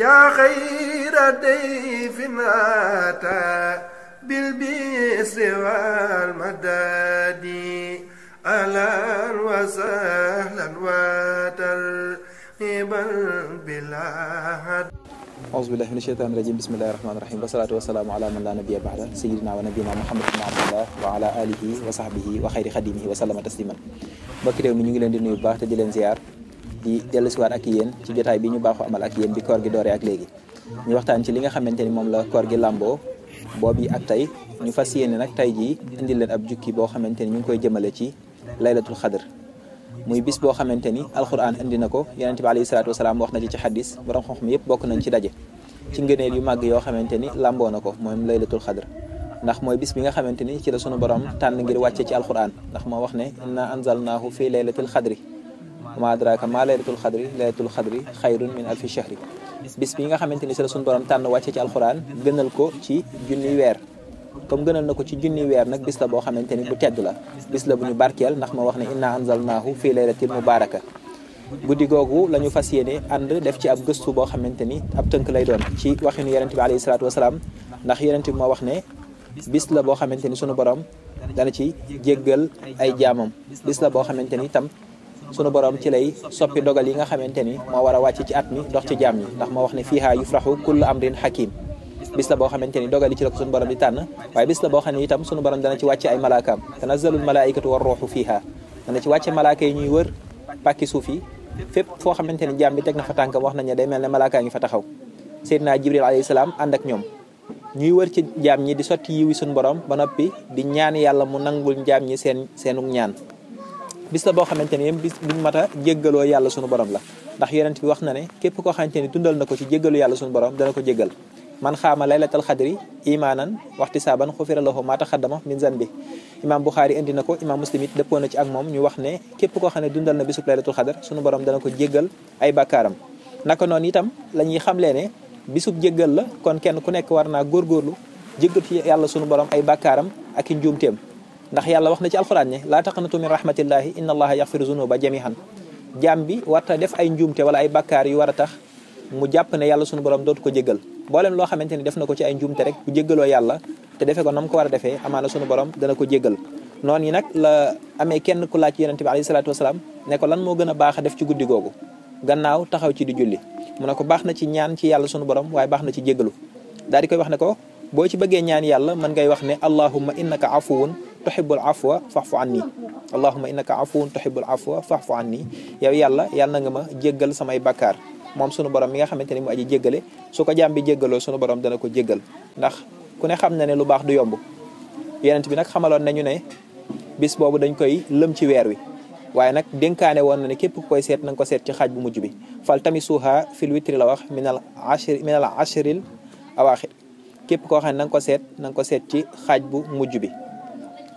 yaa xayra dayfin ataa bil bisri wal madadi ahlan wa sahlan wa tarhiban bilaa auzu billahi mina sheytaani rajim bismillahi rahmaani rahim wasalaatu wasalaamu ala man la nabiya baada sayidina wa nabina muhammad ibn abdullah wa ala alihi wa sahbihi wa xayri xadimihi wa sallama tasliman mbokki réew mi ñu ngi leen di nuyu bu baax te di leen ziar di dellusiwaat ak yéen ci jotaay bi ñu baaxu amal ak yéen bi koor gi dooree ak léegi ñu waxtaan ci li nga xamante ni moom la koor gi làmboo yi ak tey ñu fas yéene nak tey jii indi leen ab jukki boo xamante ni ñu ngi koy jëmale ci laylatul xadr muy bis boo xamante ni alquran indi na ko yeneen bi alayhi salaatu wasalaam wax na ci ci xadis borom xam-xam yëpp bokk nañ ci daje ci ngëneel yu màgg yoo xamante ni làmboo na ko moom laylatul xadr ndax mooy bis bi nga xamante ni ci la sunu borom tànn ngir wàcce ci alquran ndax moo wax ne inna anzalnaahu fi laylatil xadri wama adraka ma laylatul xadri laylatul xadri xayrun min alfi shahri bis bi nga xamante ni si la suñu borom tànn wàcce ci alxuraan gënal ko ci junni weer comme gënal na ko ci junni weer nag bis la boo xamante ni bu tedd la bis la bu ñu barkeel ndax ma wax ne inna anzalnaahu fii laylatil mubaraka guddi googu la ñu fas yéene ànd def ci ab gëstu boo xamante ni ab tënk lay doon ci waxinu yonent bi alayhi salaatu wasalaam ndax yonent bi moo wax ne bis la boo xamante ni sunu borom dana ci jéggal ay jaamam bis la boo xamante ni tam sunu borom ci lay soppi dogal yi nga xamante ni moo war a wàcc ci at mi ndox ci jaam ñi ndax moo wax ne fiihaa yufraxu kullu amrin hakim bis la boo xamante ni dogal yi ci la ko sunu borom di tànn waaye bis la boo xam ne itam sunu borom dana ci wàcce ay malaakaam tanazzalul malaaikatu war ruuxu fiihaa dana ci wàcce malaaka yi ñuy wër pàkki suuf yi fépp foo xamante ni jaam bi teg na fa tànkam wax nañ day mel ne malaakaa ngi fa taxaw seydina jibril alayhi salaam ànd ak ñoom ñuy wër ci jaam ñi di sotti yiwi sunu borom ba noppi di ñaan yàlla mu nangul jaam ñi seen seenu ñaan bis la boo xamante ne bis buñ mat a jéggaloo yàlla sunu borom la ndax yonent bi wax na ne képp koo xamante ni dundal na ko ci jéggalu yàlla sunu borom dana ko jéggal man xaama laylatal xadri imaanan waxti saaban xufira lahu maa taxaddama min zanbi imaam Buxaari indi na ko imaam Muslim it dëppoo na ci ak moom ñu wax ne képp koo xam ne dundal na bisub laylatul xadar sunu borom dana ko jéggal ay bàkkaaram naka noonu itam la ñuy xamlee ne bisub jéggal la kon kenn ku nekk war naa góor góorlu jéggal ci yàlla sunu borom ay bakkaaram ak i njuumteem ndax yàlla wax na ci alxuraan ne laa taqnatu min rahmatillahi inna allaha yaxfiru zunuba jamihan jaam bi warta def ay njuumte wala ay bakkaar yu war a tax mu jàpp ne yàlla sunu borom dootu ko jéggal booleen loo xamante ni def na ko ci ay njuumte rek bu jéggaloo yàlla ko nam ko war a defee amaana sunu borom dana ko jéggal noon yi nag la amee kenn ku laaj yonente bi alayhi salaatu wasalaam ne ko lan moo gën a baax a def ci guddi googu gannaaw taxaw ci di julli mu ne ko baax na ci ñaan ci yàlla sunu borom waaye baax na ci jéggalu daal di koy wax ne ko boo ci bëggee ñaan yàlla mën ngay wax ne allahumma innaka afuwun tuhibbul afwa fa'fu anni allahumma innaka afuwun tuhibbul afwa fa'fu anni yow yàlla yàlla na nga ma jéggal samay bakkaar moom sunu borom mi nga xamante ne mu aji jéggale su ko jaam bi jéggaloo sunu borom dana ko jéggal ndax ku ne xam na ne lu baax du yomb yenent bi nag xamaloon nañu ne bis boobu dañ koy lëm ci weer wi waaye nag dénkaane woon na ne képp ku koy seet na ko seet ci xaaj bu mujj bi fal tamisuha fil witri la wax min al ashri min al ashril awaaxir képp koo xam ne nga ko seet na ko seet ci xaaj bu mujj bi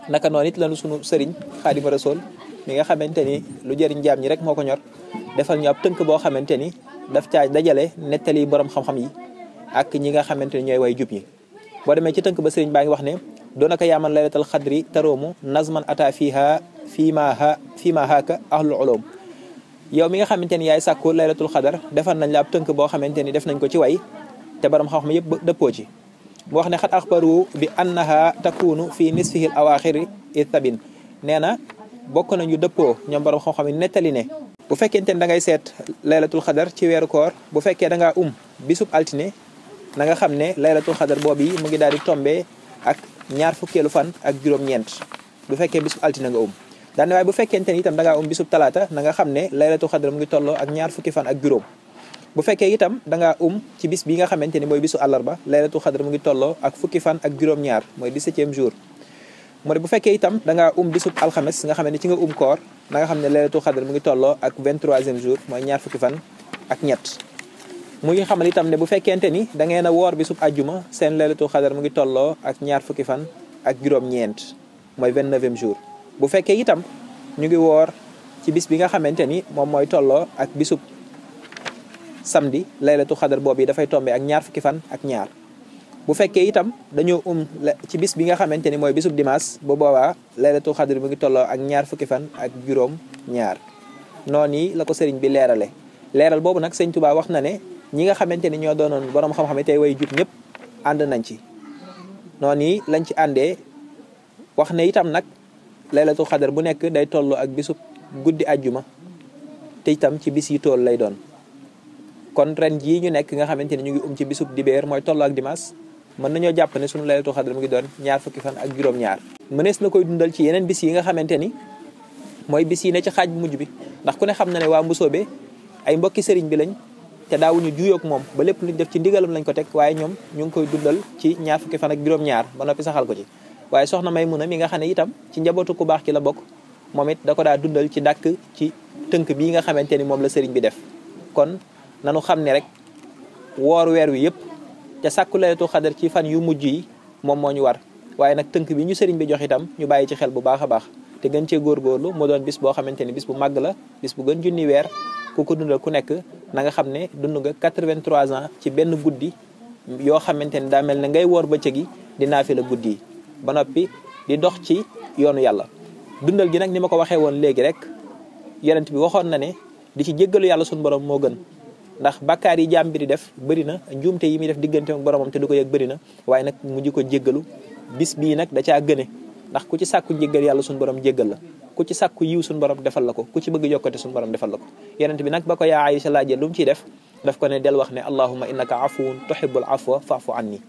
naka noonu it lanu sunu sëriñ xaadima sol mi nga xamante ni lu jëriñ jaam ñi rek moo ko ñor defal ñu ab tënk boo xamante ni daf caa dajale nettali borom xam-xam yi ak ñi nga xamante ni ñooy way jub yi boo demee ci tënk ba sëriñ baa ngi wax ne doo doonaka yaaman laylatal xadri taroomu nazman ata fiha fimaha fimahaaka ahlul ulum yow mi nga xamante ni yaay sàkku laylatul xadar defal nañ la ab tënk boo xamante ni def nañ ko ci way te borom xam-xam yëpp dëppoo ci mu wax ne xat axbaru bi annaha takunu fi nisfihi l awaaxiri sabin nee na bokk nañu dëppoo ñoom borom xam-xam yi nettali ne bu fekkente ne da ngay seet laylatul xadar ci weeru koor bu fekkee da um bisub altine na nga xam ne laylatul xadar boobu yi mu ngi daal di tombee ak ñaar fukkeelu fan ak juróom-ñeent bu fekkee bisub altine nga um daane waaye bu fekkente ne itam da ngaa um bisub talaata na nga xam ne laylatul xadar mu ngi tolloo ak ñaar fukki fan ak juróom bu fekkee itam da ngaa um ci bis bi nga xamante ni mooy bisu àllarba laylatul xadr mu ngi tolloo ak fukki fan ak juróom-ñaar mooy dix-septième jour mu ne bu fekkee itam da ngaa um bisub alxames nga xam ne ci nga um koor na nga xam ne laylatul xadr mu ngi tolloo ak vingt-troisième mooy ñaar fukki fan ak ñett mu ngi xamal itam ne bu fekkente ni da ngeen a woor bisu ajjuma seen laylatul xadr mu ngi tolloo ak ñaar fukki fan ak juróom-ñeent mooy vingt-neuvième jour bu fekkee itam ñu ngi woor ci bis bi nga xamante ni moom mooy tolloo ak bisu samedi laylatu xadar boobu yi dafay tombe ak ñaar fukki fan ak ñaar bu fekkee itam dañoo um ci bis bi nga xamante ni mooy bisub dimaas bu boobaa laylatu xadar bu ngi tolloo ak ñaar fukki fan ak juróom ñaar noonu yi la sëriñ bi leerale leeral boobu nag sëñ wax na ne ñi nga xamante ni ñoo doonoon borom xam-xam tey way jub ñëpp ànd nañ ci noonu yi lañ ci àndee wax ne itam nag laylatu xadar bu nekk day tolloo ak bisub guddi àjjuma te itam ci bis yi tool lay doon kon ren jii ñu nekk nga xamante ne ñu ngi um ci bisub dibéer mooy tolloo ak dimanche mën nañoo jàpp ne sunu laylatul xadar mu ngi doon ñaar fukki fan ak juróom-ñaar mënees na koy dundal ci yeneen bis nga xamante ni mooy bis yi ne ci xaaj mujj bi ndax ku ne xam na ne waa Mbusoobe ay mbokki sëriñ bi lañ te daawuñu juyoog moom ba lépp luñ def ci ndigalam lañ ko teg waaye ñoom ñu ngi koy ci ñaar fukki fan ak juróom-ñaar ba noppi saxal ko ci waaye soxna may mun a mi nga xam ne itam ci njabootu ku baax ki la bokk moom it da ko daa dundal ci dàkk ci tënk bii nga xamante ni moom la sëriñ bi def kon nanu xam ne rek woor weer wi yëpp ca sàkku laytu xadar ci fan yu mujj yi moom moo ñu war waaye nag tënk bi ñu sëriñ bi jox itam ñu bàyyi ci xel bu baax a baax te gën cee góor góorlu mu doon bis boo xamante ni bis bu màgg la bis bu gën junni weer ku ko dundal ku nekk nanga xam ne dund nga 83 ans ci benn guddi yoo xamante ni daa mel ne ngay woor bëccëg yi di naafila guddi yi ba noppi di dox ci yoonu yàlla dundal gi nag ni ma ko waxee woon léegi rek yonent bi waxoon na ne di ci jéggalu yàlla suñu borom moo gën ndax bàkkaar yi jaam bi di def bëri na njuumte yi muy def diggante ak boromam te du ko yëg bëri na waaye nag mu ji ko jéggalu bis bii nag da caa gëne ndax ku ci sàkku jéggal yàlla suñu borom jéggal la ku ci sàkku yiw suñu borom defal la ko ku ci bëgg yokkate suñu borom defal la ko yonent bi nag ba ko yaa Aïcha laajee lu mu ciy def daf ko ne del wax ne allahuma innaka afuwun tuhibbul afwa faafu anni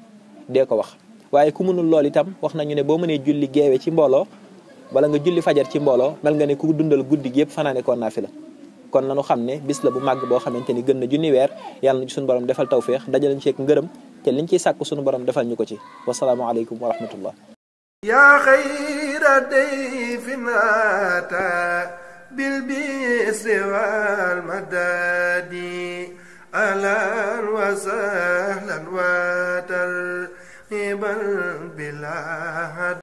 dee ko wax waaye ku mënul lool itam wax nañu ne boo mënee julli geewe ci mbooloo wala nga julli fajar ci mbooloo mel nga ne ku dundal guddi gi yëpp fanaane naa fi la kon nanu xam ne bis la bu màgg boo xamante ni gën na junni weer yàlla nañu suñu borom defal tawféex dajalañ ceeg ngërëm te liñ ciy sàkk suñu borom defal ñu ko ci wasalaamaaleykum wa rahmatullah yaa xayra dayfin wa sahlan